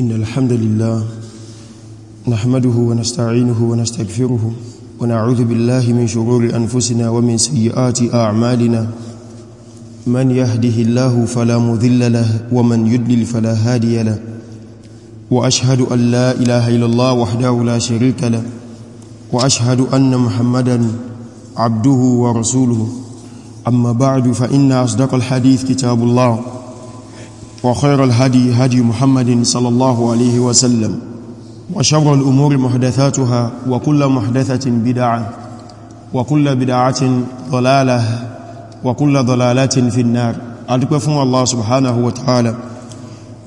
إن الحمد لله نحمده ونستعينه ونستغفره ونعوذ بالله من شرور أنفسنا ومن سيئات أعمالنا من يهده الله فلا مذل له ومن يدلل فلا هادي له وأشهد أن لا إله إلا الله وحده لا شريك له وأشهد أن محمدا عبده ورسوله أما بعد فإن أصدق الحديث كتاب الله وخير الهدي هدي محمد صلى الله عليه وسلم وشر الأمور محدثاتها وكل محدثة بدعة وكل بدعة ضلالة وكل ضلالات في النار أتكفون الله سبحانه وتعالى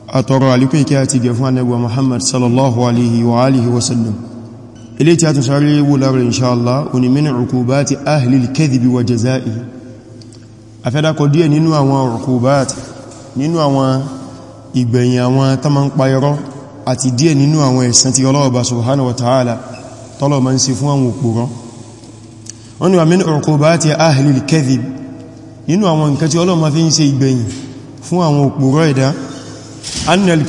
أترى لكي كاتقفون أبو محمد صلى الله عليه وآله وسلم إلي تاتشاري ولار إن شاء الله ونمن عقوبات أهل الكذب وجزائه أفدأ قدية ننوى وعقوبات nínú àwọn ìgbẹ̀yìn àwọn tánmà ń payọrọ àti díẹ̀ nínú àwọn ẹ̀san tí ọlọ́ọ̀bá subhanahu wa ta'ala tọ́lọ̀ ma ń ṣe fún àwọn òpùrọ́ wọ́n ni wà min uqubati ahlil kadhib nínú àwọn nǹkan tí ọlọ́ọ̀má fi ń ṣe ìgbẹ̀yìn fún àwọn òpùrọ́ ẹ̀dá annal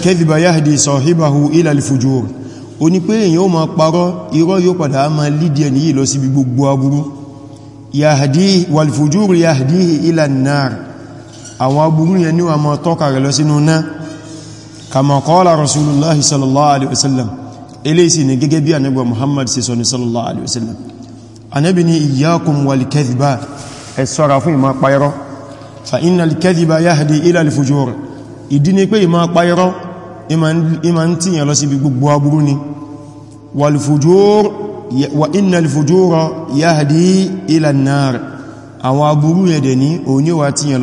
àwọn agbúrú yẹn ní àmọ́ tọ́ka rẹ̀ lọ sínú náà kama qala rasulullahi sallallahu alaihi wasallam eléyìí sì ni gẹ́gẹ́ bí anẹ́gbà muhammad sí sọ ní sallallahu alaihi wasallam anẹ́bi ni iyyakum wal kadhiba ẹ ṣọ́ra fún ìmá wa innal fujura yahdi ila an-nar àwọn agbúrú yẹ̀dẹ̀ ní òun yóò wá tíyàn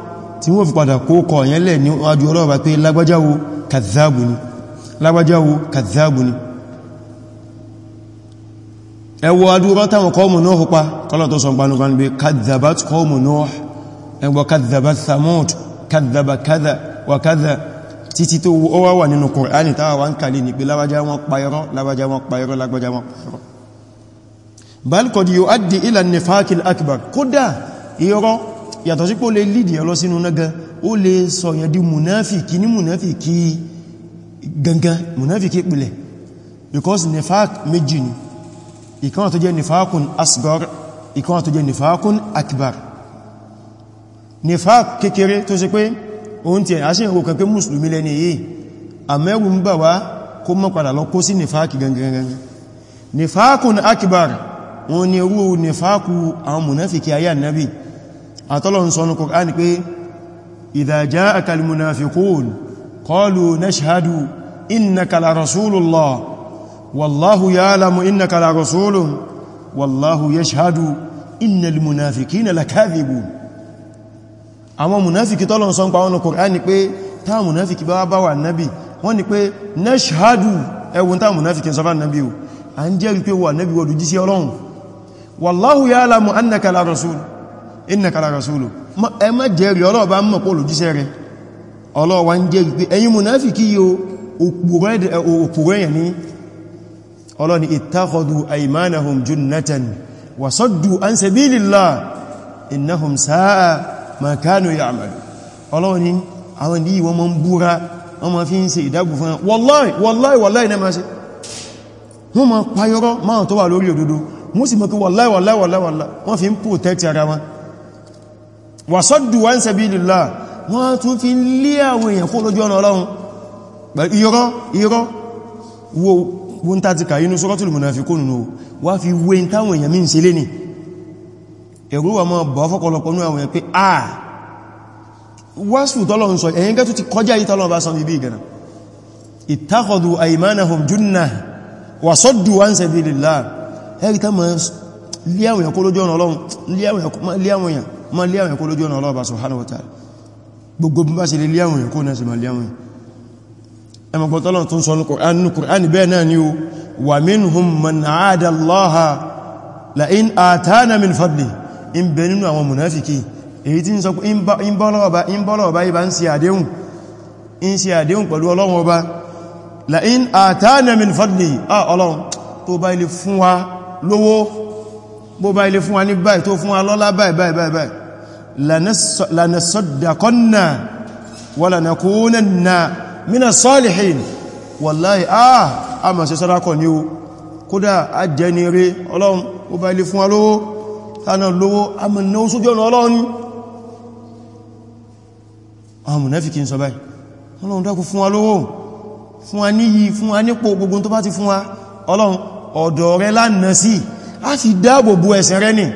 tí wọ́n fi padà kó kọ̀ yẹn lẹ̀ níwájú ọlọ́ọ̀bá pé lágbájáwo kàzáàbù ni lágbájáwo kàzáàbù ni ẹwọ adúrọ́ táwọn kọ́ọ̀mù náà hùpa kọ́lọ̀ tó sọ̀n panu kan bí kàzàbát kọ́ọ̀mù náà ẹgbọ́ kàzàbát samud kàzàbà kàzà wà kàzà títí tó wá wà nínú kùránì táwà wá ń kàlì ní pé lágbájá yàtọ̀ sí pé ó lè lìdì ọlọ́ sínú nágan ó lè sọ yẹn munafiki ní munafiki gangan munafiki pìlẹ̀ because nifak méjì ni ìkan tó jẹ́ nifaqun asgar ìkan tó jẹ́ akbar nifak kékeré tó ṣe pé oun ti àṣẹ ìwò kan pé mùsùlùmí lẹ́ni yìí àmẹ́rù ń bà wá kó mọ́ padà lọ kó sí nifaq gangan nifaqun akbar wọn ni irú nifaqu àwọn munafiki ayé annabi àtọ́lọ̀n sọ́nù Qur'an pé idha ja'aka al-munafiqun qalu nashhadu innaka la rasulullah wallahu ya'lamu innaka la rasulun wallahu yashhadu innal munafiqina lakadhibun àwọn munafiki tọ́lọ̀n sọ́nù pàwọn Qur'an pé tá munafiki bá bá innaka la rasulu ẹ má jẹ́rìí Ọlọ́run bá mọ̀ pé olùjíṣẹ́ rẹ̀ Ọlọ́run wá ń jẹ́rìí pé ẹ̀yin munafiki yíò òpùrọ́ èyàn ní Ọlọ́run ittakhadhu aymanahum junnatan wa saddu an sabilillah innahum sa'a ma kanu ya'malu Ọlọ́run àwọn ní wọ́n mọ́ ń búra wọ́n ma fi ń ṣe ìdágbù fún wallahi wallahi wallahi náà ma ṣe wọ́n ma payọ́rọ́ máa tó wà lórí òdodo wọ́n sì mọ́ pé wallahi wallahi wallahi wọ́n fi ń protect ara wọn wàsọ́dù wá ń sẹ̀bílìlá wọ́n tún fi lé àwọn èèyàn kó lójú ọ̀nà ọlọ́run irọ́ irọ́ wo wọ́n tàti kà inú suratul munafiqun nù wá fi wé táwọn èèyàn mín sílé ní ẹ̀rù wà máa bọ̀ fọ́kọlọpọ̀ ní àwọn èèyàn pé à wásù tọ́lọ́run sọ ẹ̀yìn gẹ́ tó ti kọjá yí tọ́lọ́run bá sọ bíbí ìgànà ittakhadhu aymanahum junnah wasaddu an sabilillah ẹ̀rí tá ma lé àwọn èèyàn kó lójú ọ̀nà ọlọ́run lé àwọn ma lé àwọn ẹ̀kọ́ lójú ọ̀nà ọlọ́ọ̀bá subhanahu wa ta'ala gbogbo bí bá ṣe lè lé àwọn ẹ̀kọ́ náà ṣe ma lé àwọn ẹmọ̀gbọ̀tọ́lọ̀ tún sọ ní Kùránì bẹ́ẹ̀ náà ni ó wa minhum man 'aada Allaha la in atana min fadlihi in bẹ nínú àwọn munafiki èyí tí ń sọ lówó bó bá ilé fún wa ní báyìí tó fún wa lọ́lá báyìí báyìí báyìí lanasaddaqanna walanakunanna mina salihin wallahi ah a ma ṣe sọ́dákọ̀ ní o kódà a jẹ́ ní rí ọlọ́run ó bá ilé fún wa lówó tánà lówó a mọ̀ náà sójú ọ̀nà ọlọ́run àwọn mùnáfikí ń sọ báyìí ọlọ́run dákun fún wa fún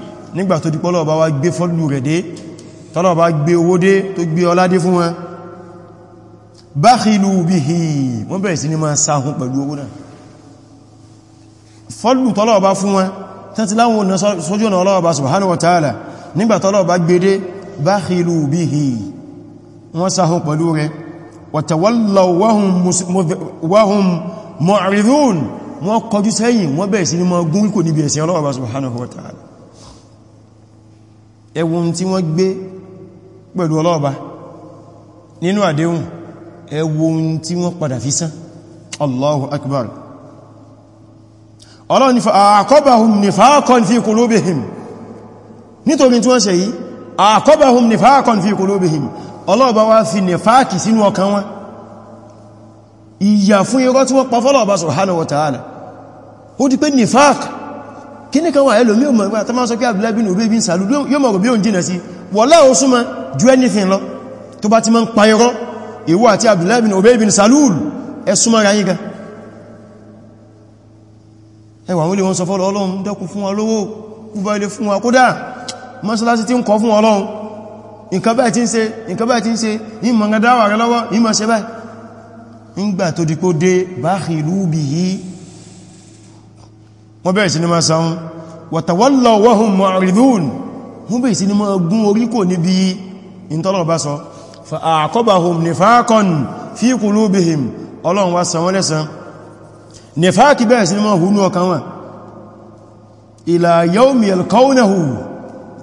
nígbà tó dípọ́ lọ́ọ̀bá wá gbé fọ́lù rẹ̀ dé tọ́lọ̀bá gbé owó dé tó gbé ọlá dé fún wọn bakhilu bihi wọ́n bẹ̀rẹ̀ sí ní máa sáhún pẹ̀lú owó náà fọ́lù tọ́lọ̀bá fún wọn tẹ́tí láwọn sójú ọ̀nà ọlọ́ọ̀bá subhanahu wa ta'ala nígbà tọ́lọ̀bá gbé dé bakhilu bihi wọ́n sáhún pẹ̀lú rẹ̀ wa tawallaw wahum mu'ridun wọ́n kọjú sẹ́yìn wọ́n bẹ̀rẹ̀ sí ní máa gún kò níbi ẹ̀sìn ọlọ́ọ̀bá subhanahu wa ta'ala ẹwùn tí wọ́n gbé pẹ̀lú ọlọ́ọ̀bá nínú àdéhùn ẹwùn tí wọ́n padà fi sán Allahu akbar ọlọ́ni àkọ́bàhùn fi qulubihim nítorí tí wọ́n ṣe yìí àkọ́bàhùn nìfàákan fi qulubihim ọlọ́ọ̀bá wá fi nìfàákì sínú ọkàn wọn ìyà fún irọ́ tí wọ́n pa fọ́lọ̀ọ̀bá ó di pé kíní kan wà ẹlòmí o mọ̀ nípa tó máa sọ pé Abdullahi bin Ubay bin Salul yóò mọ̀ bí o ń jìnà sí wọ́lá o súnmọ́ ju anything lọ tó bá ti máa ń pa irọ́ ìwọ àti Abdullahi bin Ubay bin Salul ẹ súnmọ́ ra yíga ẹwà wọ́n lè wọ́n sọ fọ́lọ́ Ọlọ́run dẹ́kun fún wa lówó kúbá ilé fún wa kódà mọ́sálásí tí ń kọ fún Ọlọ́run nǹkan báyìí tí ń ṣe nǹkan báyìí tí ń ṣe ìmọ̀ ń gadáwà rẹ lọ́wọ́ ìmọ̀ ṣe báyìí ń gbà tó wọ́n bẹ̀rẹ̀ sí ni máa sáwọn wàtàwọ́lọ̀ wọ́hùn ma'ridun wọ́n bẹ̀rẹ̀ sí ni máa gún orí kò níbi ìntọ́lọ̀ bá sọ fa'aqabahum nifaqan fi qulubihim ọlọ́run wá san wọ́n lẹ́san nifaqi bẹ̀rẹ̀ sí ni máa hùnú ọkàn wọn ila yawmi yalqawnahu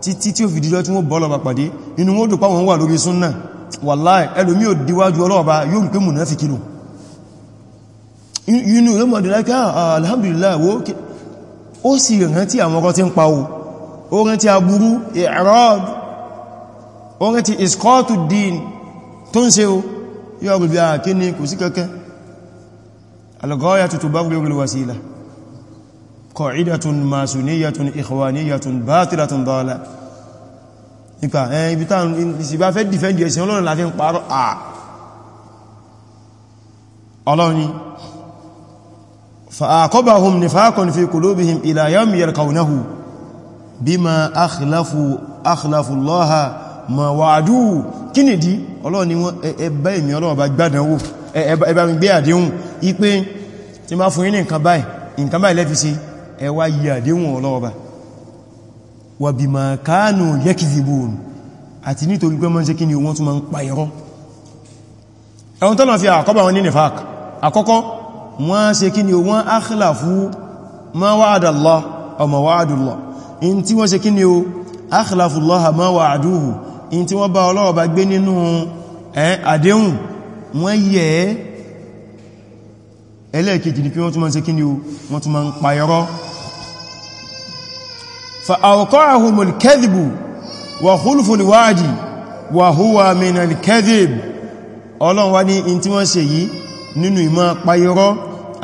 títí tí ó fi díjọ́ tí wọ́n bọ́lọ̀ bá pàdé ò díwájú ọlọ́ọ̀bá yóò rí pé mùnáfikì lò inú yóò mọ̀ dìlákà ah, alhamdulillah wo ó sì rántí àwọn ọkọ̀ tí ń pa o ó rántí aburú i'rad ó rántí iskọ́tù dín tó ń ṣe o yóò rí bí a kí ní kò sí kẹ́kẹ́ al-ghayatu tubarriru al-wasila qa'idatun masoniyyatun ikhwaniyyatun batilatun dala nípa ẹn ibi táwọn ìsìbá fẹ́ dìfẹ́ndì ẹ̀sìn ọlọ́run láti ń parọ́ à ọlọ́run فأعقبهم نفاق في قلوبهم إلى يوم يلقونه بما أخلفوا أخلفوا الله ما وعدوا kí nìdí Ọlọ́run ni wọ́n ẹ̀bá èmì Ọlọ́run bá gbádánwò ẹ̀bá mi gbé àdéhùn ipé tí máa fún yínyìn nǹkan báyìí nǹkan báyìí lẹ́fi sí ẹ wá yí àdéhùn Ọlọ́run bá wà bí ma káánù yakdhibun wọ́n ṣe kí ni o wọ́n akhlafu ma wa'ada Allah aw ma wa'ada Allah in tí wọ́n ṣe kí ni o akhlafu Allah ma wa'aduhu in tí wọ́n bá Ọlọ́run bá gbé nínú àdéhùn wọ́n yẹ̀ ẹ́ ẹlẹ́ẹ̀kejì ni pé wọ́n tún máa ń kí ni o wọ́n tún máa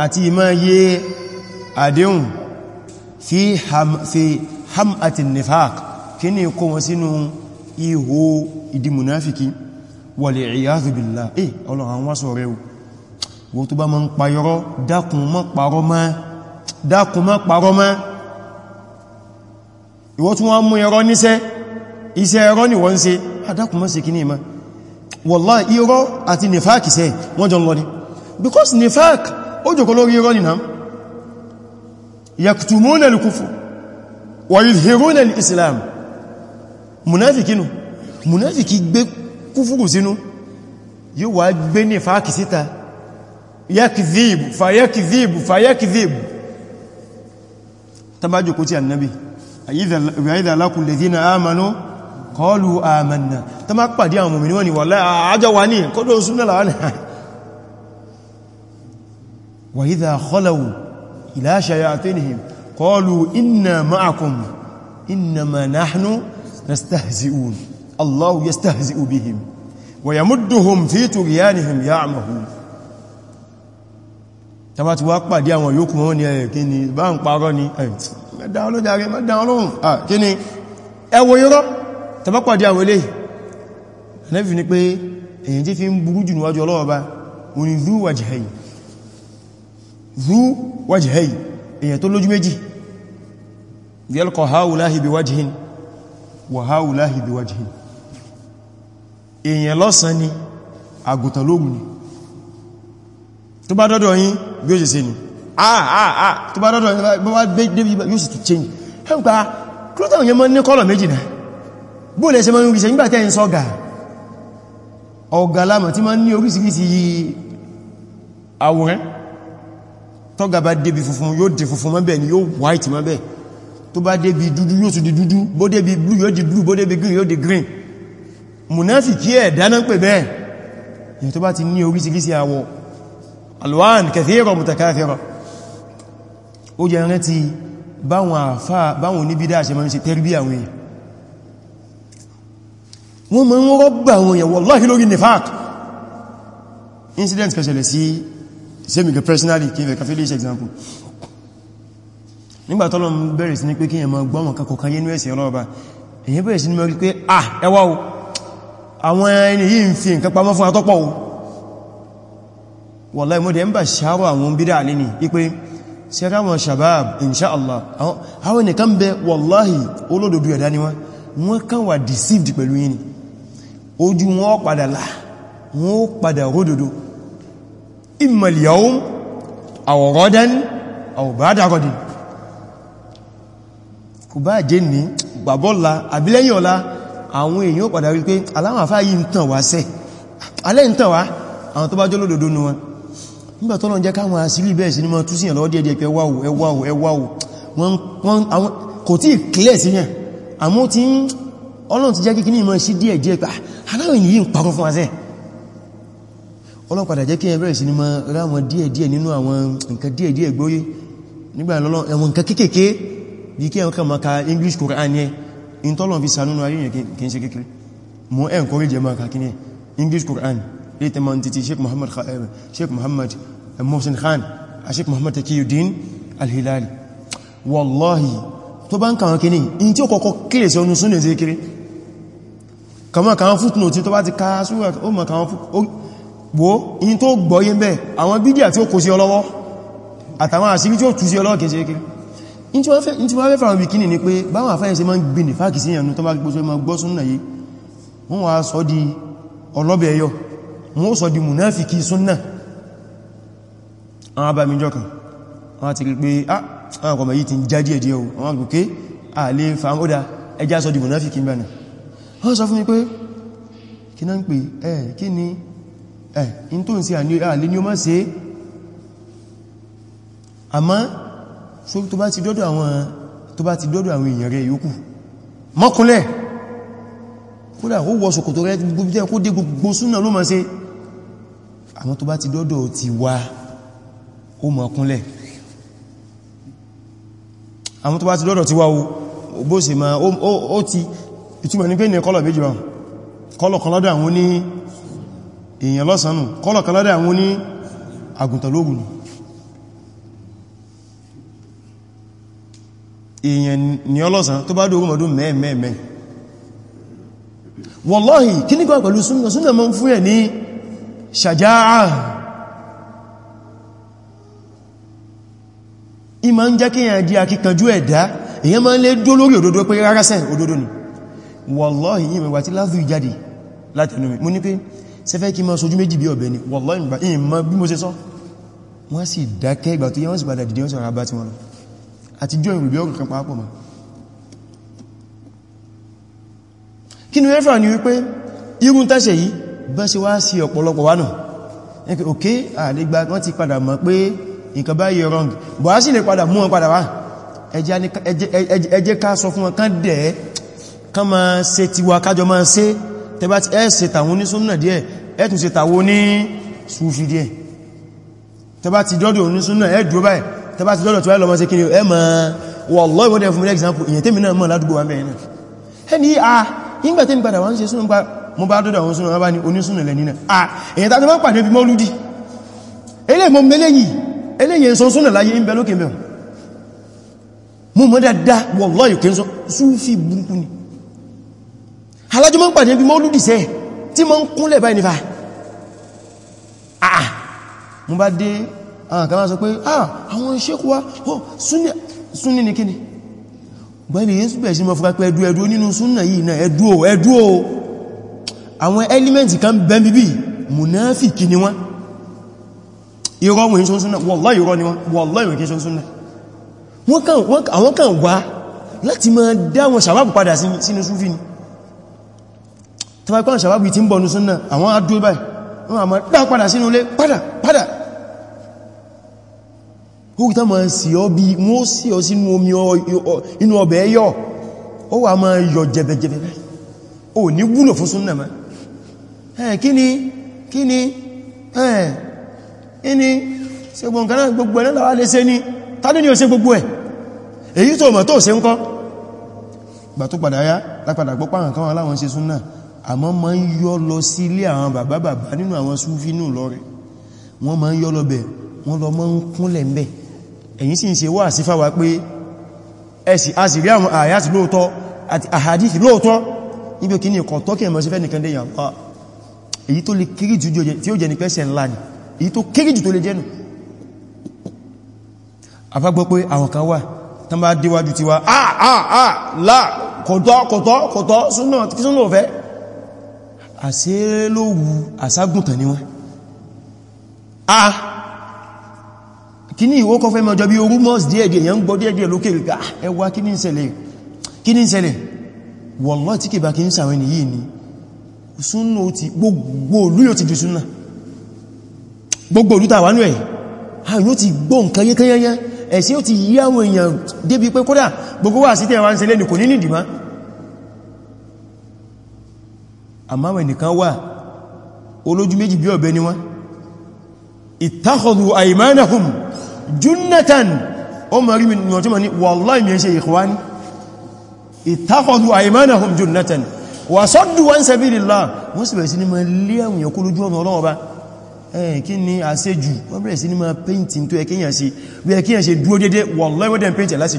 àti ìmá yé àdéhùn fi ham'ati nifaq kí ní kó wọn sínú ihò ìdí munafiki wal iyadhu billah eh ọlọ́run wá sọ rẹ̀ wo tó bá ma ń payọrọ dákun má parọ́ mọ́ ìwọ tún wọ́n mú ẹ̀rọ níṣẹ́ iṣẹ́ ẹ̀rọ ni wọ́n ṣe adákun ah, mọ́ sí kí ní ìmá wallahi irọ́ àti nifaq iṣẹ́ wọ́n jọ lọ ni because nifaq ó jòkó lórí irọ́ nìna yaktumuna al-kufr wa yuzhiruna al-islam munafikinu munafiki gbé kúfùrù sínú yóò wá gbé ní fàákì síta yakdhibu fayakdhibu fayakdhibu ta bá jòkó tí annabi àyíza lákùn lè وإذا خلوا إلى شياطينهم قالوا إنا معكم إنما نحن نستهزئون الله يستهزئ بهم ويمدهم في طغيانهم يعمهون tàbá ti wá pàdé àwọn yòókù wọn ni ẹ̀rẹ̀ kí ni bá ń parọ́ ni pàdé àwọn ilé ẹ̀nẹ́fì ni pé èyí tí fi ń zu wajhayi èyàn tó lójú méjì yalqa haulahi bi wajhin wa haulahi bi wajhin èyàn lọ́sàn ni àgùntàn lóògùn ni tó bá dọ́dọ̀ yín bí ó ṣe ṣe ni àà tó bá dọ́dọ̀ yín bá débi yóò sì tún change ẹgbà kúrútà òyìn mọ́ ní kọ́lọ̀ méjì náà bó lè ṣe mọ́ oríṣẹ́ nígbàtẹ́ ń sọ́gà ọ̀gá lámọ̀ tí mọ́ ní oríṣiríṣi àwòrán tọ́gà bá débi funfun yóò dé funfun mọ́bẹ̀ ni yóò white mọ́bẹ̀ tó bá débi dúdú yóò tún di dúdú bó débi blue yóò di blue bó débi green yóò di green munafiki ẹ̀ dáná pè bẹ́ẹ̀ yìí tó bá ti ní oríṣiríṣi àwọ̀ alwan kathira mutakafira ó jẹ́ rántí báwọn àfá báwọn oníbídá ṣe máa ń ṣe tẹ́rbí wallahi lórí nifaq incident kẹsẹ̀lẹ̀ sí same with personally kí n fẹ́ kafẹ́ lè ṣe example nígbà tí Ọlọ́run bẹ̀rẹ̀ sí ní pé kí èyàn mọ́ gbọ́mọ̀ kakọ̀ kan yẹnú ẹ̀sẹ̀ ọlọ́ọ̀bá èyàn bẹ̀rẹ̀ sí ní mọ́ pé ah ẹwà o àwọn ẹni yìí ń fi nǹkan pamọ́ fún atọ́pọ̀ o wallahi mo dẹ̀ ń bà ṣàrọ̀ àwọn bídá alẹ́ ni wípé sẹ́rá shabab inṣáàlá àwọn nìkan bẹ wallahi olódodo ẹ̀dá ni wọ́n wọ́n kàn deceived pẹ̀lú yìí ni ojú wọn padà là wọ́n padà imma al-yawm aw ghadan aw ba'da ghadin kò bá jẹ́ ní gbàbọ́lá àbílẹ́yìn ọ̀la àwọn èèyàn padà rí pé aláwọn àfáà yìí ń tàn wá sẹ́ alẹ́ ń tàn wá àwọn tó bá jọ lódòdó ní wọn nígbà tọ́lọ̀ jẹ́ káwọn àsílì bẹ́ẹ̀ sí ní mọ́ tú síyàn lọ́dí ẹ̀dẹ̀ pé wáwò ẹwàwò ẹwàwò kò tí Ọlọ́run padà jẹ́ kí ẹ bẹ̀rẹ̀ sí ní mọ́ ráwọn díẹ̀díẹ̀ nínú àwọn nǹkan díẹ̀díẹ̀ gbóyé nígbà lọ́lọ́run ẹ̀wọ̀n nǹkan kéèkéé bí kí ẹ̀wọ̀n kàmà English Quran yẹ in tọ́lọ̀ fi sànúnú ayéyàn kí n ṣe kékeré English Quran lẹ́tẹ̀ ma ń titi Sheikh eh, Sheikh Muhammad eh, Mohsin Khan Sheikh Muhammad Takiyuddin Al-Hilali wallahi tó bá ń kàwọn kí ní in tí ó kọ́kọ́ kílè sí ọnu súnlẹ̀ sí kéré kàwọn kàwọn footnote wo in tó gbọ́yé mẹ́ àwọn bídíà tí ó kó sí ọlọ́wọ́ àtàwọn àṣírí tí ó tú sí ọlọ́wọ́ kèsè kí in tí wọ́n fẹ́ fàwọn bikini ni pé báwọn àfáyẹ̀ sí ma ń gbé ní fáàkì sí ìyànú tó bá gbóso ma gbọ́ súnnà yìí wọ́n wá sọ di ọlọ́bẹ̀ ẹyọ wọ́n sọ di munafiki súnnà àwọn abamijọ kan wọ́n ti rí pé ah, àwọn ọmọ yìí ti ń já díẹ̀ díẹ̀ o àwọn gòkè àlè fàmódà ẹjá sọ di munafiki mbẹ̀nà wọ́n sọ fún mi pé kí náà ń pè ẹ̀ eh, in tó ń ṣe àlè ní o máa ṣe àmá so tó bá ti dọ́dọ̀ àwọn tó bá ti dọ́dọ̀ àwọn èèyàn rẹ̀ yòókù mọ́kúnlẹ̀ kódà ó wọ ṣòkòtò rẹ̀ gbogbo dé gbogbo súnà ló máa ṣe àmọ́ tó bá ti dọ́dọ̀ ti wá ó mọ́kúnlẹ̀ àmọ́ tó bá ti dọ́dọ̀ ti wá o bó ṣe máa ó ti ìtumọ̀ ní pé ní kọ́lọ̀ méjì wọn kọ́lọ̀ kan lọ́dọ̀ àwọn ní èèyàn lọ́sànù kọ́lọ̀ kan lọ́dẹ̀ àwọn ní àgùntàlógún èèyàn ni ọlọ́sàn tó bá dógún ọdún mẹ́ẹ̀mẹ́ẹ̀mẹ́ wallahi kí ní kọ́ pẹ̀lú súnnà súnnà mọ́ fún ẹ̀ ní ṣàjáà ìmá ń jẹ́ kí èèyàn di akíkanjú wallahi ìmẹ̀wà tí lázù ìjáde ṣé fẹ́ kí ma sojú méjì bí ọ̀bẹ ni wallahi ìmọ̀ bí mo ṣe sọ wọ́n sì dákẹ́ ìgbà tó yẹ wọ́n sì padà dìde wọ́n sì rà bá ti wọn àti jọ ìrùbí ọkùn kan pàápọ̀ ma kí ni mẹ́fà ni wípé irun tẹ́ṣẹ̀ yìí bẹ́ sí wá sí ọ̀pọ̀lọpọ̀ wá náà ẹkẹ́ òkè àlégbà wọ́n ti padà mọ̀ pé nǹkan bá yẹ wrong bọ̀ á sì lè padà mú wọn padà wá ẹjẹ́ ká sọ fún wọn kán dẹ̀ kán máa ṣe tiwa kájọ máa ṣe tẹbá ti ẹ́ ṣe tàwọn ní súnnà díẹ̀ ẹ́ tún ṣe tàwọn ní súfì díẹ̀ tẹbá ti dọ́dọ̀ ní súnnà ẹ́ dúró báyìí tẹbá ti dọ́dọ̀ tó ẹ́ lọmọ sí kí ni ẹ ma wallahi ìwọ́dẹ̀ fún example ìyẹn tẹ́mi náà mọ́ ládùgbò wọn bẹ̀rẹ̀ náà ẹni a ah, ìgbà tẹ́mi padà wọ́n ṣe súnnà mo bá dọ́dọ̀ àwọn súnnà bá ní onísúnnà lẹ́ni náà ah, a èyàn tàbí mọ́ pàdé bí mọ́ lúdí eléyìí mọ́ mẹ́lẹ́yìí eléyìí ń sọ súnnà láyé ń bẹ lókè mẹ́rin mo mọ́ dáadáa wallahi ìkẹ́ ń sọ súfì burúkú ni alájọ́ mọ́ ń pàdé bí mọ́lúdì sẹ́ tí mọ́ ń kúnlẹ̀ báyìí nífà àà ah, mú bá dé àwọn kan máa sọ pé ah, àwọn ṣékù wá súnni ní kíni gbẹ́lì yínsù bẹ̀ẹ̀ sí mọ́ fúra pé ẹdú ẹdú nínú súnnà yìí náà ẹdú o ẹdú o àwọn ẹlímẹ́ntì kan bẹ́ bíbí mùnáfìkì ni wọ́n irọ́ wọn ìṣọ́ súnnà wallahi irọ́ ni wọ́n wallahi ìwọ̀n kí ṣọ́ súnnà àwọn kan wá láti máa dá wọn sàwábù padà sínú súfì ni tó bá kọ́n ṣàwábì tí ń bọ̀ nùsúnnà àwọn adúrú báyìí wọ́n àmọ́ dá padà sínú ilé padà padà ó kìtà ma sí ọ bí wọ́n sí ọ sínú omi inú ọbẹ̀ yọ ó wà máa yọ jẹbẹjẹbẹ ó ní wúlò fún súnnà ma ẹ̀ kí ni kí ni ẹ̀ ẹni ṣe gbọ̀nkan náà gbogbo ẹ̀ náà wà lè ṣe ni tàbí ni ó ṣe gbogbo ẹ̀ èyí tó mọ̀ tó ṣe ń kọ́ gbà tó padà yá lápadà gbọ́pá nǹkan aláwọn ṣe súnnà àmọ́ ma ń yọ́ lọ sí ilé àwọn bàbá bàbá nínú àwọn súfí nù lọ rẹ̀ wọ́n ma ń yọ́ lọ bẹ̀ wọ́n lọ mọ́ ń kúnlẹ̀ mẹ́ ẹ̀yìn sì ń ṣe wà sí fáwà pé ẹ̀sì a sì rí àwọn àyàtì lóòtọ́ àti àhàdìsì lóòtọ́ níbi kí ní ọkọ̀ tọ́kì ẹ̀mọ̀ sí fẹ́ nìkan dẹ̀yàn pa èyí tó lè kéré jù tí ó jẹ́ ní pẹ́sẹ̀ kọ̀tọ́ kọ̀tọ́ kọ̀tọ́ súnà kí súnà ọ̀fẹ́ àṣẹ́lówù àságùntàn ni wọ́n a kí ní ìwó kọfẹ́ mọ́jọ bí orú mọ́s díẹ̀díẹ̀ yẹn ń gbọ́ díẹ̀díẹ̀ lókè ríká ẹwà kí ní ìṣẹ̀lẹ̀ wallahi tí kìbà kí ń sàwọn ènìyàn yìí ni súnnà ti gbogbo olú yóò ti di súnnà gbogbo olú tàwà nú ẹ̀ a yóò ti gbọ́ nǹkan yẹ́kẹ́yẹ́yẹ́ ẹ̀sí yóò ti yí àwọn èèyàn débi pé kódà gbogbo wà sí tẹ́wàá ń ṣe lẹ́nu kò ní nìdìmá àmáwẹ̀ nìkan wà olójú méjì bí ọ̀bẹ ni wọ́n ittakhadhu aymanahum junnatan o ma rí mi ní ọjọ́ ma ní wallahi mi ṣe ikhwani ittakhadhu aymanahum junnatan wa saddu an sabilillah wọ́n sì bẹ̀rẹ̀ sí ní ma lé àwọn èèyàn kó lójú ọ̀nà ọlọ́wọ́ bá kí ni àṣejù wọ́n bẹ̀rẹ̀ sí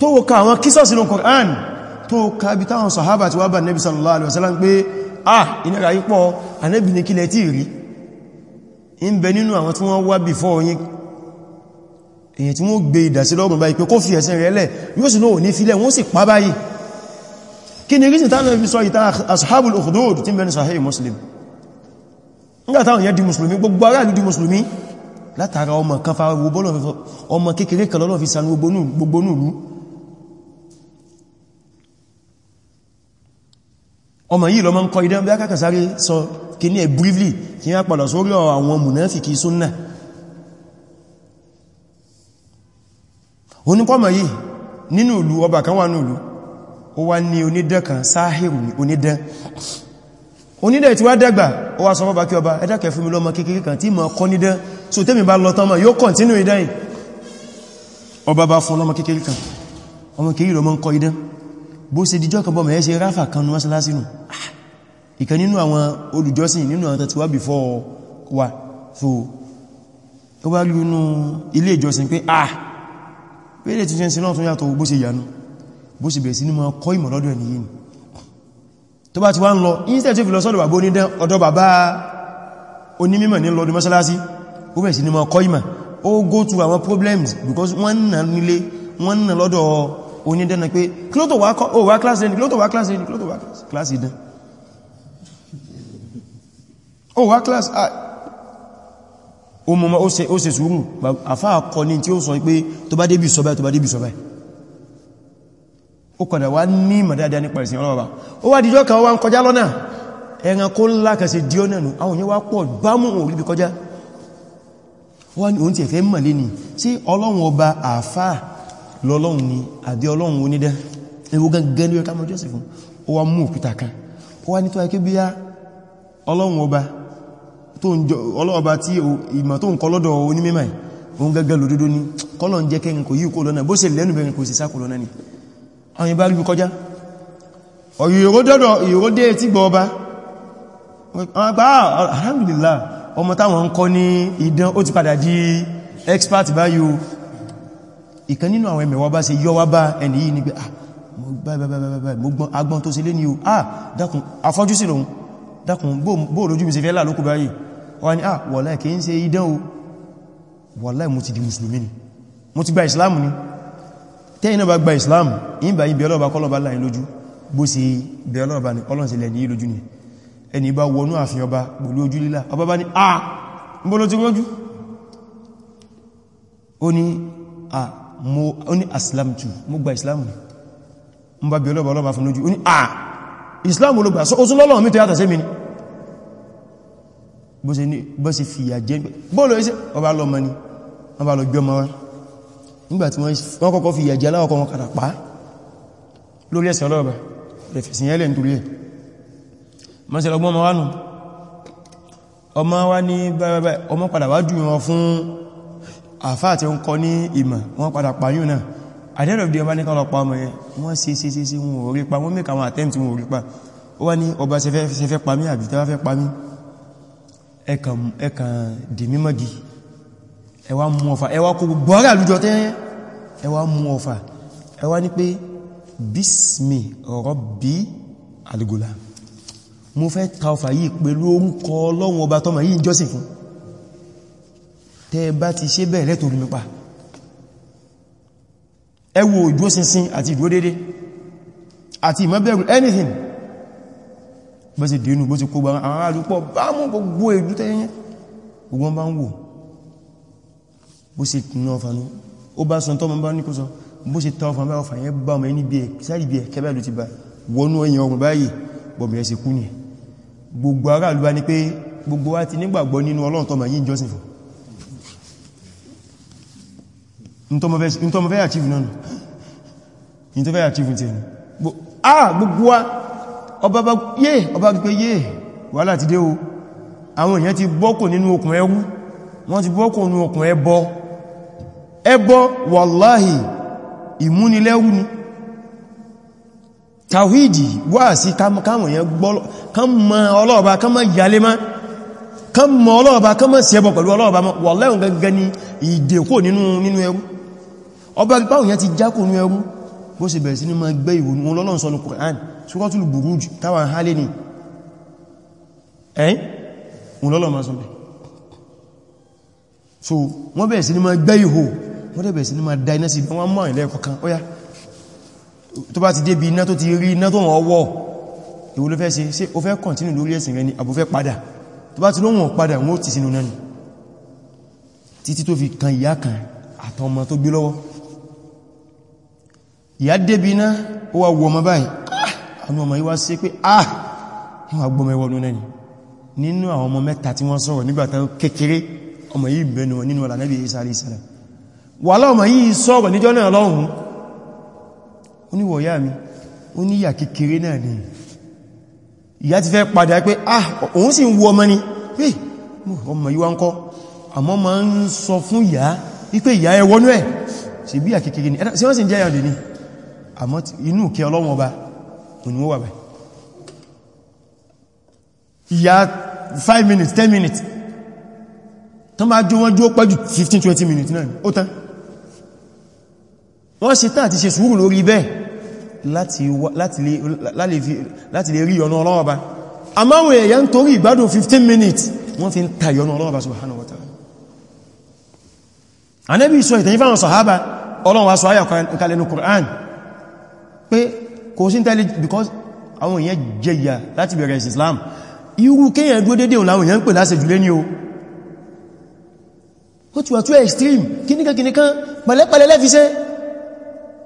tó ka àwọn kísọ̀sì ní Kùránì tó ka bí táwọn sàhábà ti wá bá nẹ́bí sallallahu alaihi wasallam pé ah ìnira yí pọ̀ anẹ́bì ní kílẹ̀ tí rí in bẹ nínú àwọn tí wọ́n wá bí fọ́ yín èyí tí wọ́n gbé ìdásílọ́rùn báyìí pé kó fi ẹ̀sìn rẹ̀ lẹ̀ yóò sì lóò ní filẹ̀ wọ́n sì pa báyìí kí ni rísìn tánà fi sọ ìta ashabul ukhdud tí bẹni sahih muslim nígbà táwọn yẹ́ di musulmi gbogbo ará ìlú di musulmi látara ọmọ kan fara ọmọ kékeré kan lọ́lọ́ fi gbogbo nùlú ọmọ yìí lọ mọ́ ń kọ idán bí akẹ́kẹ́ sáré sọ kí ní ẹ̀ briefly kí á padà sórí àwọn mùnáfìkì súnnà onípọ̀mọ̀ yìí nínú ìlú ọba kan wà ní ìlú ó wá ní onídán kan sáhìrù ní onídán onídán tí wá dẹ́gbà ó wá sọ fọ́bà kí ọba ẹ̀dàkẹ́ fún mi lọ́mọ kékeré kan tí mọ̀ kọ́ nídán so tẹ́mi bá lọ tánmọ̀ yóò kọ̀ntínú idán yìí ọba bá fún lọ́mọ kékeré kan ọmọ kékeré lọ́mọ ń kọ idán bó ṣe díjọ́ kan bọ́mọ̀ ẹ́ ṣe ráfà kan ní mọ́sálásí nù ìkan nínú àwọn olùjọ́sìn nínú àwọn tàtíwá before wa so ó bá lú inú ilé ìjọsìn pé ah pẹ́lẹ̀ tí ṣe náà tún yàtọ̀ bó ṣe yànú bó ṣe bẹ̀rẹ̀ sí ní mọ́ kọ́ ìmọ̀ lọ́dọ̀ ènìyàn tó bá ti wá ń lọ instead tí fìlọsọ́dọ̀ bàbá onídán ọ̀dọ̀ bàbá onímọ̀ ní lọ́dún mọ́sálásí ó bẹ̀rẹ̀ sí ní mọ́ kọ́ ìmọ̀ ó go to àwọn problems because wọ́n ń nà nílé wọ́n ń nà lọ́dọ̀ onídẹ́nà pé kílótò wá kílásì dẹ́ni kílótò wá kílásì dẹ́ni kílótò wá kílásì dẹ́n oh, ah. ó wá kílásì ó mọ́ ó ṣe sùúrù àfá àkọ́ ní tí ó sọ pé tó bá débì sọ báyìí tó bá débì sọ báyìí ó kọ̀dà wá ní mọ̀dáadáa nípa ìsìn ọlọ́wà ó wá dìjọ́ kan wá ń kọjá lọ́nà ẹran kó ńlá kan sí díọ́ náà àwọn yẹn wá pọ̀ bámú òun ríbi kọjá wọ́n ni òun ti ẹ̀fẹ́ mọ̀lé ni sí ọlọ́run ọba lọ́lọ́run ni àbí ọlọ́run onídá ewu gangan lórí kámọ́ jọ́sìn fún ó wá mú òkúta kan ó wá nítorí kí bí á ọlọ́run ọba ọlọ́ọba tí ìmọ̀ tó ń kọ lọ́dọ̀ onímẹ́mà òun gangan lòdúdó ní kọ́lọ̀ ń jẹ́ kẹ́rin kò yíò kó lọ́nà bó ṣe lẹ́nu bẹ̀rẹ̀ kò sì sákò lọ́nà ni àwọn ibá rí kọjá ọ̀rọ̀ ah, expert báyìí ìkan nínú àwọn ẹmẹ̀wà bá ṣe yọ́ wá bá ẹni yìí ni pé ah agbọ́n tó ṣe lé ní o ah dákun afọ́jú sí lòun dákun bó lójú mi ṣe fẹ́ lálókù báyìí wọ́n ni ah wàláì kìí ṣe idán o di mùsùlùmí ni mo ti gba islam ni islam ìyìnbà yìí bẹ̀ọ́lọ́ba kọlọ́ba láyìn lójú bó ṣe bẹ̀ọ́lọ́ba ni ọlọ́n ṣe lẹ̀ ní ni ẹni bá wọnú àfihàn ọba pẹ̀lú ojú lílá ọba bá ní ah ń bọ́ lójú wọ́jú ó ní ah mo ní aslam jù mo gba islam ni mo bá bí ọlọ́bà ọlọ́bà fún lójú ó ní à ah, islam ló gbà ó tún lọ́lọ́ mi tó yàtọ̀ sí mi ni bó ṣe fìyà jẹ bóòlò ẹsẹ́ ọba lọ mọ́ ni wọ́n bá lọ gbé ọmọ wọn nígbàtí wọ́n kọ́kọ́ fìyà jẹ aláwọ̀kọ́ wọn kàdà pa lórí ẹ̀sẹ̀ ọlọ́ọ̀bà rẹ̀ fẹ̀sìn ẹlẹ́ nítorí ẹ̀ mọ́sílẹ̀ ọgbọ́n ọmọ wá nù ọmọ wá ní báyàbáyà ọmọ padà wá jù wọn fún àfáà tí ó ń kọ ní ìmọ̀ wọ́n padà pààyàn náà at the end of the ọba ní kọ́lọ̀ pa ọmọ yẹn wọ́n sí sí sí sí wọn ò rí pa wọ́n mẹ́kà wọn attempt wọn ò rí pa ó wá ní ọba ṣe fẹ́ pa mí àbí tẹ́wà fẹ́ pa mí rabbi al-gulam mo fẹ́ ta ọfà yìí pẹ̀lú orúkọ tẹ bá ti ṣe bẹ́ẹ̀ lẹ́tò orí mípa ẹ wo ìdúróṣinṣin àti ìdúró dédé àti ìmọ́bẹ̀rù anything bó ti dínú bó ti kó gbára àwọn àrúpọ̀ bá mú gbogbo ìlú tẹ́yẹn ogun bá ń wò bó ṣe kìnnà ọ̀fànú ó bá sọ tọ́mọ bá níkúsọ bó ṣe tọ́ọ̀fà bá ọ̀fà yẹn bá ọmọ ẹni bí ẹ̀ sáàrì bí ẹ̀ kẹbẹ̀ ló ti bá wọnú ẹ̀yìn ọgbọ̀n báyìí bọ̀bẹ̀ ẹ̀ sì kú ni gbogbo aráàlú bá ní pé gbogbo wa ti nígbàgbọ́ nínú Ọlọ́run tọ́mọ yìí jọ́sìn fún ntọ́mọ̀fẹ́ àchífù náà ntọ́fẹ́ àchífù tí ẹni ah gbogbo wa ọba bá yé ọba gbogbo yé wàhálà ti dé o àwọn èèyàn ti bọ́kò nínú okùn ẹwú wọ́n ti bọ́kò nínú okùn ẹbọ ẹbọ wàláhì ìmúnilẹ́wú ni tàwídì wà sí káwọn èèyàn gbọ́lọ̀ kán mọ ọlọ́ọ̀bá kán mọ ìyálé máa kán mọ ọlọ́ọ̀bá kán mọ sí ẹbọ pẹ̀lú ọlọ́ọ̀bá wàláhì gangan ni ìdèkò nínú ẹwú ọba rí páwọn yẹn ti jákò ní ẹrú bó ṣe bẹ̀rẹ̀ sí ní máa gbé ìwò wọn lọ́lọ́n sọ ní Qur'an Suratul Buruj táwọn hálẹ́ ni ẹ́yìn wọn lọ́lọ́ máa so wọ́n bẹ̀rẹ̀ sí ní máa gbé ìhò wọ́n dẹ̀ bẹ̀rẹ̀ sí ní máa da iná sí ibi wọ́n mọ́ ilẹ̀ kọ̀kan ó yá tó bá ti ni àbò fẹ́ padà tó bá ti lóhun padà wọ́n ó ti sínú náà ni títí tó fi kan ìyá kan àtọmọ tó gbé lọ́wọ́ ìyá débi náà ó wà wọ́mọ báyìí ah! àwọn ọmọ ìwá sí pé ah ìwà gbọmọ ẹwọ́nú nẹ́ni nínú àwọn ọmọ mẹ́ta tí wọ́n sọ̀rọ̀ nígbàtà kékeré ọmọ yìí bẹnu wọn nínú alànẹ́bí Isa alayhi salam wà láọmọ yìí sọ̀rọ̀ níjọ́ náà lọ́hùn ó ní ah òun sì ń wu ọmọ ni pé ọmọ yìí wá ń kọ́ àmọ́ ma ni sí wọ́n sì ń àmọ́ inú kí ọlọ́wọ́n ọba òní wọ́n wà bẹ̀ ìyá 5 minutes 10 minutes tó máa jó wọ́n jó pẹ́jù 15-20 minutes náà ó tán wọ́n ṣe tán àti ṣe sùúrù lórí bẹ́ẹ̀ láti lè rí ọ̀nà ọlọ́wọ́ ọba àmáwọn èèyàn torí ìgbádùn 15 minutes wọ́n fi ń ta ìyọ́nà ọlọ́wọ́ ọba subhanahu wa ta'ala anẹ́bí sọ ìtẹ̀yìn fáwọn sàhábà ọlọ́wọ́ aṣọ ayà kalẹ̀ ní Qur'an pé kò sí tẹ́lẹ̀ because àwọn èèyàn jẹyà láti bẹ̀rẹ̀ Islam irú kéèyàn dúró dédé òun àwọn èèyàn ń pè láṣẹ jùlé ní o ó ti wà tó extreme kíníkan kíníkan pẹ̀lẹ́pẹ̀lẹ́ lẹ́fiṣẹ́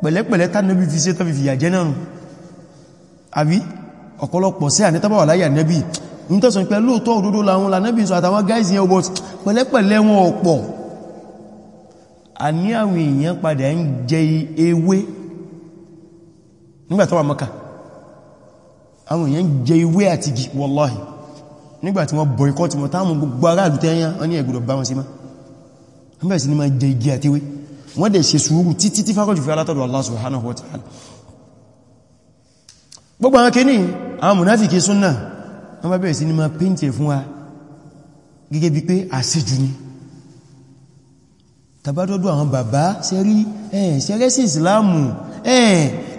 pẹ̀lẹ́pẹ̀lẹ́ tánàbí fi ṣe tàbí fìyà jẹ́ náà àbí ọ̀pọ̀lọpọ̀ sí ànítàbàwà láyà nẹ́bí ní tọ́sọ̀ pẹ́ lóòtọ́ òdòdó láwọn lànẹ́bí sọ àtàwọn guys yẹn ọgbọ̀ pẹ̀lẹ́pẹ̀lẹ́ wọn ọ̀pọ̀ àní àwọn èèyàn padà ń jẹ ewé nígbàtí wà maka àwọn èèyàn jẹ ìwé àti gì wallahi nígbàtí wọ́n boycott wọn táàmù gbogbo aráàlú tẹ́yà wọ́n ní ẹ̀gbùdọ̀ bá wọn sí má wọ́n bẹ̀rẹ̀ sí ní ma jẹ igi àti ìwé wọ́n dẹ̀ ṣe sùúrù títí tí fákọ̀jù fi alátọ̀dọ̀ Allah subhanahu wa ta'ala gbogbo àwọn kìíní àwọn munafiki súnnà wọ́n bá bẹ̀rẹ̀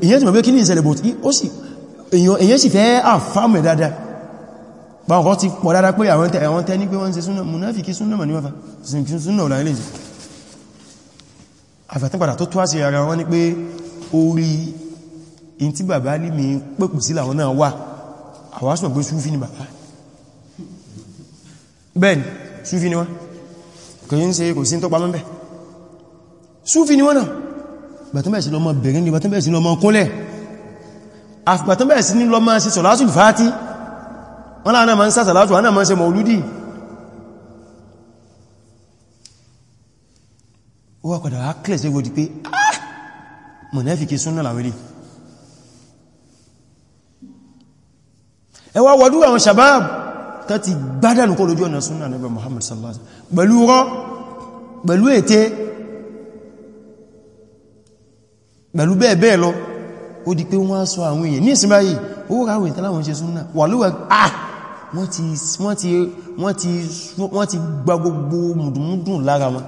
èyàn ti mọ̀ pé kí ní ìṣẹ̀lẹ̀ bò èyàn sì fẹ́ àfáàmù ẹ̀ dáadáa báwọn kọ́ ti pọ̀ dáadáa pé àwọn tẹ́ ní pé wọ́n ń ṣe súnà múnáfìkí súnà mọ̀ níwọ́fà súnà ọ̀là ilé ìsìn àfẹ́tẹ́padà tó tó á sí ara wọn ní pé orí in tí bàbá lè mi pẹ̀pù sí làwọn náà wà àwásùn pé súfí ni bàbá bẹ́ẹ̀ni súfí ni wọ́n kò yí ń ṣe kò sí ń tọ́pa mẹ́bẹ̀ súfí ni wọ́n náà gbàtánbẹ̀ẹ̀sì lọ mọ́ bẹ̀rẹ̀ ní gbàtánbẹ̀ẹ̀sì lọ mọ́ kúnlẹ̀ àgbàtánbẹ̀ẹ̀sì ní lọ mọ́ sí sọ̀lásùn fàátí wọ́n láàrín ma ń sá sàlásù wọ́n náà ma ń ṣe mọ̀lúdì ó wà padà ákìlẹ̀ sí gbòdì pé ah! mọ̀nẹ́fìkì tó ti gbádànù kó lójú ọ̀nà súnnà Ànábì Muhammad sallallahu alaihi wasallam pẹ̀lú ète pẹ̀lú bẹ́ẹ̀ bẹ́ẹ̀ lọ ó di pé wọ́n á sọ àwọn èèyàn ní ìsinmi ayé owó ráwẹ̀ ìtàláwọn ṣe súnnà wà lówà ah wọ́n ti gba gbogbo mùdùmùdùn lára wọn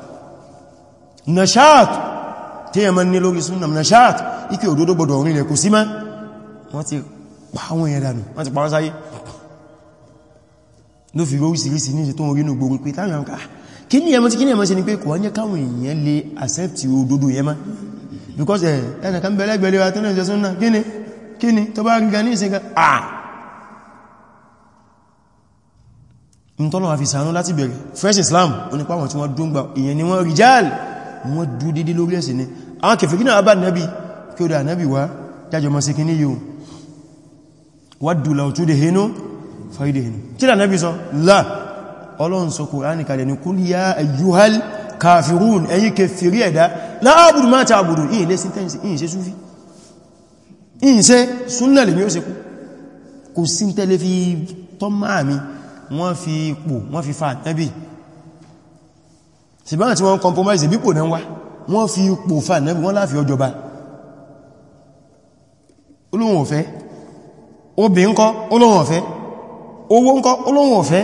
nashat tí ma ní lórí súnnà nashat ike òdòdó gbọdọ̀ orin rẹ̀ kò sí má wọ́n ti pa àwọn èèyàn dànù wọ́n ti pa wọ́n sáyé ló fi rórí sírísí ní ìṣẹ́ tó orí inú gbogbo pé táwọn àwọn ká ah, kí ní ẹmọ́ tí kí ní ẹmọ́ sí ni because eh, ẹ̀nà kan bẹ̀lẹ̀ gbẹ̀lẹ̀ wa tó ní kini, náà kíni kíni tó bá gíga ní ìsìnká àà in tọ́lọ̀ àfi sàánú láti bẹ̀rẹ̀ fresh Islam onípàwọn tí wọ́n dúngbà ìyẹn ni wọ́n rijal wọ́n dú dídí lórí ẹ̀sìn ni àwọn kẹfẹ́ kí náà bá nẹ́bí kí ó dá nẹ́bí wá jájọ mọ́ sí kí ní yóò wádù láòtú dè hénú fàídè hénú kí dá nẹ́bí sọ láà ọlọ́run sọ Kùránì kalẹ̀ ní kúl yá ayyuhal kàfirún ẹ̀yin kèfèrí ẹ̀dá láàbùdù máa ta àbùdù ìyìn lé síntẹ́ǹsì ìyìn ṣe súfí ìyìn ṣe súnnà lè ní ó ṣe kú kò sí tẹ́lé fi tọ́ máa mi wọ́n fi pò wọ́n fi fa nẹ́bì ṣìbára tí wọ́n compromise bí pò náà wá wọ́n fi pò fa nẹ́bì wọ́n láàfi ọjọba olóhun ọ̀fẹ́ obìn ńkọ́ olóhun ọ̀fẹ́ owó ńkọ́ olóhun ọ̀fẹ́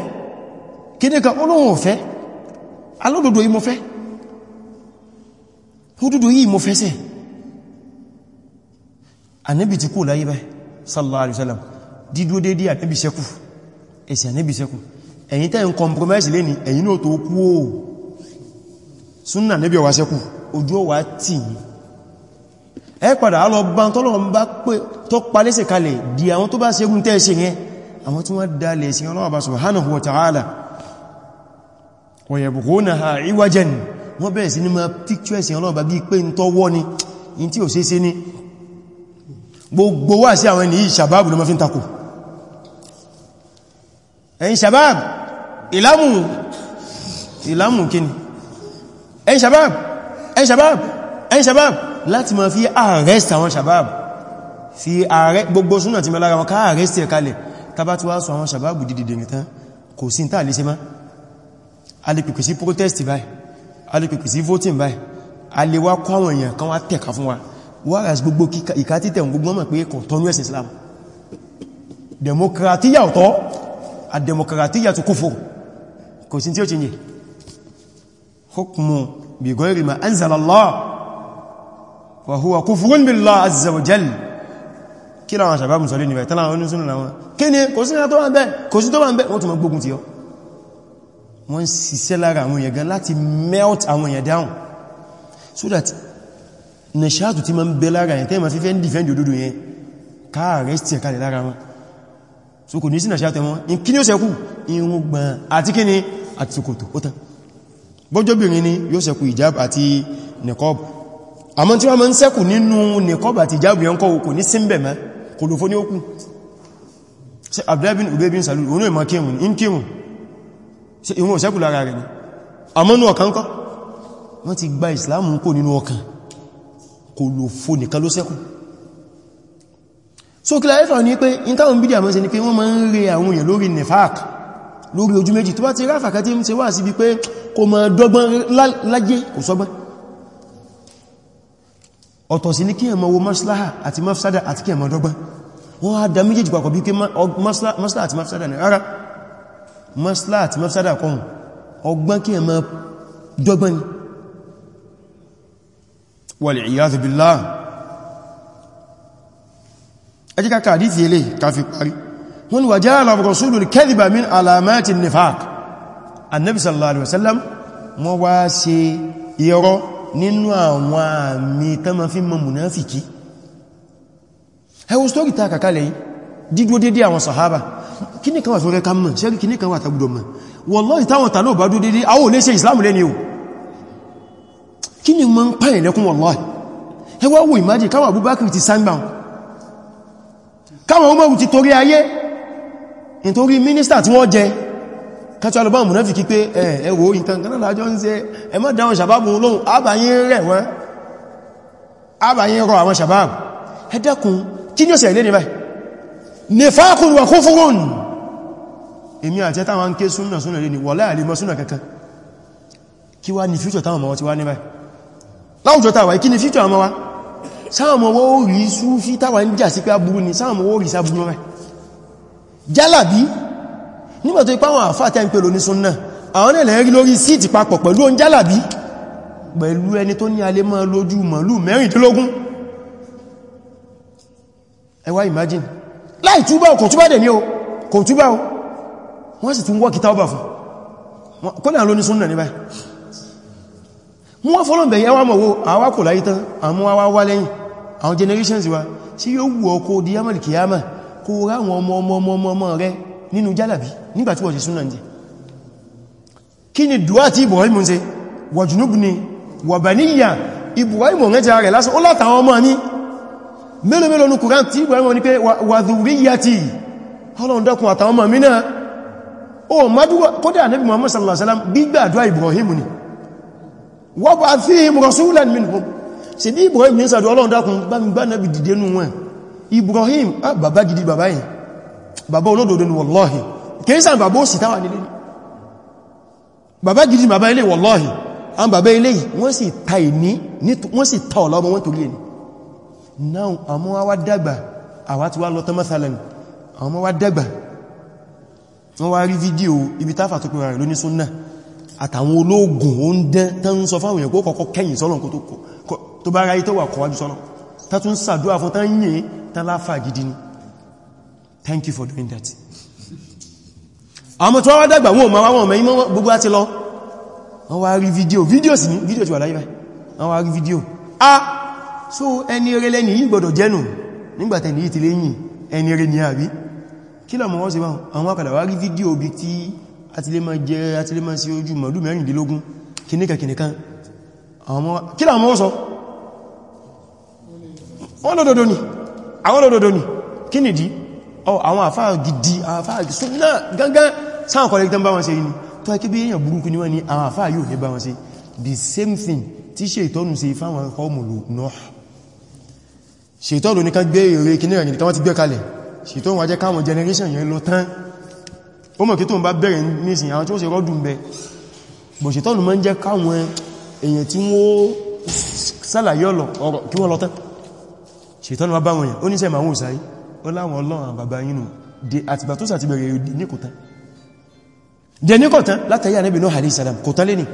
kíníkan olóhun ọ̀fẹ́ alódòdó imọ́fẹ́ húdúdú yìí mo fẹ́sẹ̀ ànábì ti kó láyé báyìí sallallahu alaihi wasallam dídó dédé ànábì sẹ́kù ẹ̀sẹ̀ ànábì sẹ́kù ẹ̀yin tẹ́ ń compromise lé ní ẹ̀yin náà tó kú o súnnà ànábì ọwà sẹ́kù ojú ọwà tì yí ẹ padà á lọ bá tọ́lọ́run bá pé tó palẹ́sẹ̀ kalẹ̀ di àwọn wọ́n dalẹ̀ sí ọlọ́wọ́ wọ́n bẹ̀rẹ̀ sí ní ma pictures ẹ̀sìn ọlọ́ọ̀bá bí pé ń tọ́wọ́ ni in tí ò sí sí ní gbogbo wà sí àwọn ènìyàn sàbábù ló ma fi ń takò ẹ̀yin sàbábù ìlàmù ìlàmù kíni ẹ̀yin sàbábù ẹ̀yin sàbábù ẹ̀yin sàbábù láti ma fi arrest àwọn sàbábù fi arrest gbogbo súnà ti mẹ́lára wọn ká arrest ẹ̀ kalẹ̀ tàbátí wá sọ àwọn sàbábù dìdìdì nìtán kò sí ní tàà lè ṣe má a lè pèpè sí protest báyìí alìpìpì sí voting by alìwá kọ́ àwọn èèyàn kan wá tẹ̀ka fún wa whereas gbogbo ìka títẹ̀ gbogbo mọ̀ pé kò Islam demokratiya ọ̀tọ̀ a demokratiya tó kúfò kò sí tí ó change hukmu bi ghayri ma anzala Allah wa huwa kufrun billah azza wa jal kí láwọn sàbábùn sọ ni kò sí tó wà ń bẹ́ kò sí tó wà ń bẹ́ wọ́n tún wọ́n ṣiṣẹ́ lára àwọn èèyàn gan láti melt àwọn èèyàn down so that nìṣàtù tí ma ń bẹ lára yẹn tẹ́yìn ma fífẹ́ ń defend òdòdó yẹn káàrẹ́ sí ẹ̀kàlẹ̀ lára wọn so kò ní sí nìṣàtù wọn in kí ní ó sẹ́kù irun gbọ̀n àti kí ni àti ṣòkòtò ó tán bọ́jọ́bìnrin ni yóò sẹ́kù ìjáb àti nìkọ́b àmọ́ tí wọ́n ma ń sẹ́kù nínú nìkọ́b àti ìjáb yẹn kọ́ ní símbẹ̀ mẹ́ kò lò fó ní ó kù sí Abdullah bin Ubay bin Salul òun náà ma in kírun ìwọ̀n òṣẹ́kù lára rẹ̀ ni àmọ́nú ọ̀kan kọ́ wọ́n ti gba ìsìláàmù kò nínú ọkàn kò lò fò nìkan ló ṣẹ́kù so kí láyé fàwọn ní pé in táwọn bídí àmọ́ sí ni pé wọ́n máa ń re àwọn èèyàn lórí nefak lórí ojú méjì tó bá ti ráfà kàtí ń ṣe wà sí maslaha àti mafsada àti kí ẹmọ dọ́gbọ́n wọ́n á dá méjèèjì bí pé maslaha àti mafsada ni rárá masla àti mafsada kan ọgbọ́n kí ẹ ma dọ́gbọ́n ni wal-iyadhu billah ẹjíká kàdífì ilé káfí parí wọ́n wà jẹ́ àlàbù rasúlù kadhiba min alamati nifaq annabi sallallahu alaihi wasallam wọ́n wá ṣe irọ́ nínú àwọn àmì tán ma fi mọ munafiki ẹwọ́ kíní kan wà sọ rẹ ká mọ̀ ṣẹ́rí kíní kan wà tàbùdọ̀ mọ̀ wallahi táwọn tàbí bá dúdé dé àwọn oléṣẹ́ Islam lẹ́ni o kí ni mọ́ ń pààyàn lẹ́kún wallahi ẹwà wò ìmájì káwọn Abubakar ti sáńgbà káwọn Umaru ti torí ayé nítorí mínísítà tí wọ́n jẹ kẹtù alùbá mùnáfìkí pé ẹwò ìtànkanálájọ́ ń ṣe ẹ má dáwọn sàbábù lóhun àbáyín rẹ̀ wọ́n àbáyín rọ àwọn sàbábù ẹ dákun kí ni ó ṣẹlẹ̀ ní báyìí nifaqun wa kufrun èmi àti ẹta wọn ké súnà súnà lè ní wà láàrin mọ́ súnà kankan kí wá ní future táwọn ọmọ ti wá ní báyìí láwùjọ tàwà kí ní future ọmọ wa sáàmù owó orí súnfí tàwà ń jà sí pé aburú ni sáàmù owó orí sáburú rẹ̀ jálàbí nígbàtí ipáwọn àfáà tẹ́ ń pè lóní súnà àwọn ẹ̀lẹ́ rí lórí síìtì papọ̀ pẹ̀lú oún jálàbí pẹ̀lú ẹni imagine láì túbá kò túbá dẹ̀ ní o kò túbá o wọ́n sì tún wọ́ kìtà ọba fún kọ́ náà ló ní súnnà ní báyìí wọ́n fọ́lọ̀ bẹ̀yẹ wọ́n mọ̀wó àwa kò láyé tán àmú àwa wá lẹ́yìn àwọn generations wa sí yóò wù ọkọ̀ di yamal kiyama kó rá àwọn ọmọ ọmọ ọmọ ọmọ rẹ nínú jálàbí nígbàtí wọ́n ṣe súnnà jẹ kí ni dùá tí Ibrahim ń ṣe mélòó mélòó ní kùrán tí Ibrahim ní pé wà zùríyàtì ọlọ́run dákun àtàwọn ọmọ mi náà o májúwà kódà Ànábì Muhammad sallallahu alaihi wasallam gbígbàdúwà Ibrahim ni wa ba'athihim rasulan minhum ṣe ní Ibrahim ní sàdọ̀ ọlọ́run dákun gbá nábi dìde nù wọn Ibrahim ah bàbá gidi bàbá yìí bàbá olódodo ni wallahi kìíṣàn bàbá ó sì táwà nílé bàbá gidi bàbá ilé wallahi àwọn bàbá ilé yìí wọ́n sì ta ìní wọ́n sì ta ọ̀lọ́mọ wọn torí náà àwọn wá dàgbà àwa ti wá lọ tán mẹ́sàlẹ̀mù àwọn wá dàgbà wọ́n wá rí fídíò ibi táfà tó pínra rẹ̀ lóní súnnà àtàwọn ológun ó ń dẹ́ tán ń sọ fáwọn èèyàn kó kọ́kọ́ kẹ́yìn sọ́lọ̀ tó gidi ni thank you for doing that àwọn tó wá dàgbà wọn ma wọn mẹ́yìn mọ́ gbogbo àti lọ wọ́n wá rí fídíò fídíò sí ní fídíò ti wà láyé báyìí so ẹni eré lẹ́ni yìí gbọdọ̀ jẹ́nu nígbàtẹ̀ ní ìtìlẹ̀ yìí ẹni eré ní àbí kí lọ mọ̀ wọ́n sí wọ́n àwọn akàdà wá rí fídíò bí tí atilema jẹ atilema sí ojú mọ̀lú mẹ́rìndínlógún kìníkà kìníkan kí lọ mọ̀ wọ́n sọ gidi àfáà súnnà gangan sáà kọ̀lẹ̀kítàn bá wọn ṣe ni tó ẹkí bí èyàn burúkú ni wọ́n the same thing tí ṣe ìtọ́nù ṣe fáwọn ọmọlù náà ṣètọ́ ló ní ká gbé èrè kí náà nìkan wọ́n ti gbé kalẹ̀ ṣètọ́ wọ́n jẹ́ káwọn generation yẹn lọ tán ó mọ̀ kí tó ń bá bẹ̀rẹ̀ nísìn àwọn tí ó ṣe rọ́dùn bẹ bọ̀ ṣètọ́ ló máa ń jẹ́ káwọn èèyàn tí wọ́n sálàyé ọ̀rọ̀ kí wọ́n lọ tán ṣètọ́ ló bá wọn yẹn ó ní sẹ́mà wọn òsàrí ó láwọn ọlọ́run bàbá yínú àtìgbà tó sàti bẹ̀rẹ̀ ní kò tán jẹ ní kò tán látàrí ànábì náà alayhi salam kò tán lé ní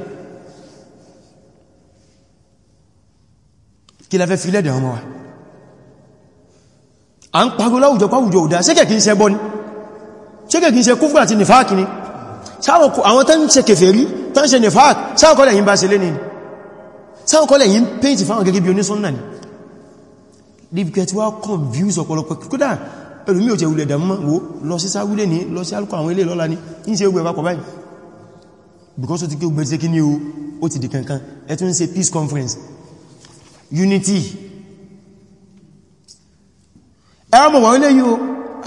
kí la fẹ́ fi lẹ́dẹ̀ ọmọ wa a ń pariwo láwùjọ pàwùjọ òdá ṣé kẹ̀kí ń ṣe bọ́ ni ṣé kẹ̀kí ń ṣe kúfùrù àti nìfàákì ni àwọn tán ṣe kèfèrí tán ṣe nìfàákì sáàkọ́lẹ̀ yìí ń bá ṣe lé ní sáàkọ́lẹ̀ yìí ń pèntì fáwọn gẹ́gẹ́ bí onísọ́nà ni dìbìkẹ́ tí wá confuse ọ̀pọ̀lọpọ̀ kódà ẹlòmí ò tẹ ulẹ̀ because ó ti kí ó gbẹ̀rẹ̀ sí kí ní o peace conference unity ẹwàmọ̀ wọ̀n lè yíò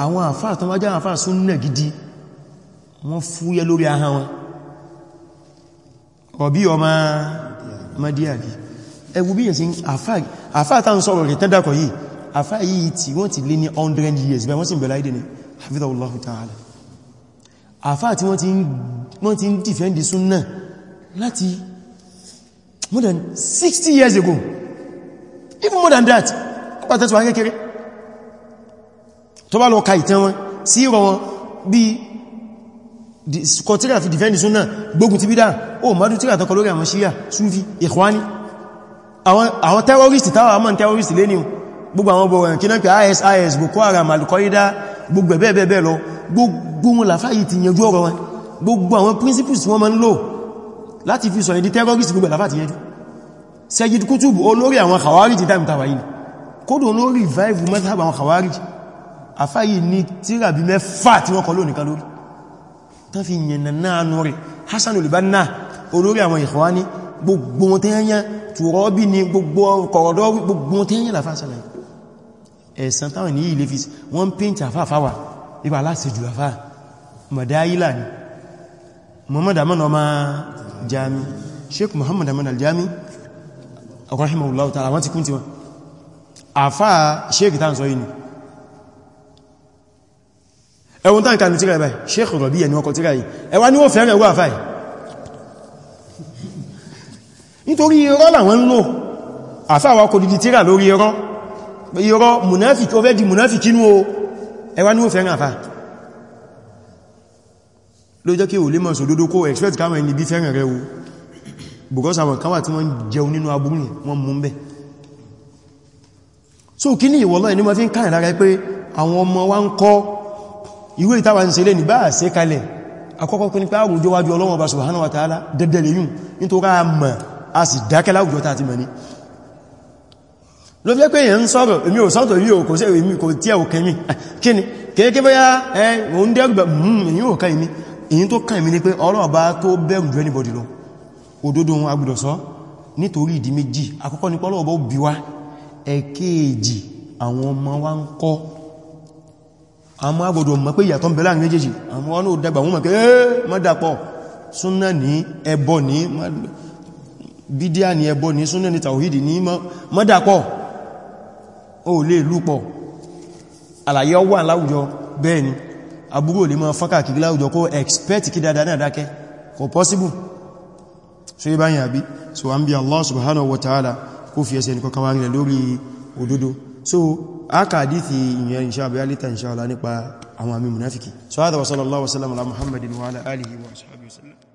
àwọn àfáà tó májá àfáà súnnà gidi wọ́n fúyẹ́ lórí ahá wọn ọ̀bí ọmọ madiabi ẹgbù bí yẹnsí àfáà tán sọ̀rọ̀ rẹ̀ tẹ́dàkọ̀ yìí àfáà yìí tí wọ́n ti lé ní 100 years bẹ́ wọ́n sì bẹ̀rẹ̀ ìdẹ̀ ni hafidhahullahu ta'ala àfáà tí wọ́n ti ń dìfẹ́ndì súnnà láti more than 60 years ago even more than that kọ́pàá tẹ́tù wá kékeré tó bá lọ ka ìtàn wọn sí ìrọ̀ wọn bí kọtíra fi defend sunna gbógun ti bídá o mọ́dún tíra tọ́kọ lórí àwọn ṣíyà súnfí ìkwáni àwọn terrorist táwà àmọ́ terrorist lé ní gbogbo àwọn bọ̀rọ̀ kí náà pẹ̀ ISIS Boko Haram Al-Qaeda gbogbo ẹ̀bẹ̀ẹ̀bẹ̀ lọ gbogbo wọn làfáyì ti yanjú ọ̀rọ̀ wọn gbogbo àwọn principles wọn máa ń lò láti fi sọ ìdí terrorist gbogbo làfá ti yanjú Sayyid Qutb olórí àwọn Khawarij time tàwà yìí kódò àfáyì ní tíràbí mẹ́fà tí wọ́n kọ lónìí kan lórí tán fi yẹ̀nà náà nù rẹ̀ Hassan olùbánà olórí àwọn Ikhwani gbogbo wọn tùrọ́bí ni gbogbo kọ̀rọ̀dọ́ gbogbo wọn tẹ́yẹn làfá sàlàyé ẹ̀sàn táwọn ní ilé fi wọ́n ń pèntì àfáàfáwà ipa aláṣẹ́jù àfá mọ̀dáyílà ni Muhammad Aman Sheikh Muhammad Aman al-Jami rahimahullahu ta'ala wọ́n ti àfáà Sheikh tán sọ yìí ni ẹwọ́n tán ìkàlù tíra ìbáyìí Sheikh Rabi ẹni ọkọ̀ tíra yìí ẹwà ní ó fẹ́rẹ̀ wà fáì nítorí irọ́ làwọn ń lò àfáwà kò dìdì tíra lórí irọ́ irọ́ munafik ó fẹ́ di munafik inú o ẹwà ní ó fẹ́rẹ̀ àfá ló jẹ́ kí o lè mọ̀ sódódó kó expect káwọn ẹni bí so kí ní ìwọ̀lọ́ ẹni ma fi ń àwọn ọmọ wa ń kọ́ ìwé ìtawà ń se lè ní bá àṣẹ kalẹ̀ akọ́kọ́ pín pé àwùjọ wájú Ọlọ́run Ọba subhanahu wa ta'ala dẹ̀dẹ̀lẹ̀ yùn nítorí a mọ̀ a sì dákẹ́ láwùjọ tàà ti mọ̀ ní ló fi pé èyàn sọ́rọ̀ èmi ò sọ́tọ̀ èmi ò kò sí èmi kò tí ẹ̀wò kẹmi kíni kéèké bóyá ẹ òun dẹ́gbẹ̀ hmm, èyí ò kàn ìní èyí tó kàn ìmí ni pé Ọlọ́run bá tó bẹ̀rù jù anybody lọ òdodo ohun agbùdọ̀ nítorí ìdí méjì àkọ́kọ́ ni pé Ọlọ́run ó bí wa ẹ̀kẹ́ẹ̀jì àwọn ọmọ wa ń kọ́ àmọ́ agbọ̀dọ̀ mọ̀ pé ìyàtọ̀ ń bẹ láàrin méjèèjì àmọ́ wọn ó dàgbà wọn mọ̀ pé ẹ́ mọ́dàpọ̀ súnnà ní ẹbọ ní bídíà ní ẹbọ ní súnnà ní tàwídì ní mọ́dàpọ̀ ó lè lúpọ̀ àlàyé ọwà láwùjọ bẹ́ẹ̀ ni lè máa fọ́kà kìí láwùjọ kó expect kí dáadáa náà dákẹ́ kò possible so yí Allah subhanahu wa ta'ala kó fi ẹsẹ̀ nìkan kawárí lórí so ákàdí ti ìyẹn insha Allah alita insha Allah nípa àwọn àmì munafiki so hada wa sallallahu wasallam ala muhammadin wa ala alihi wa ashabihi wasallam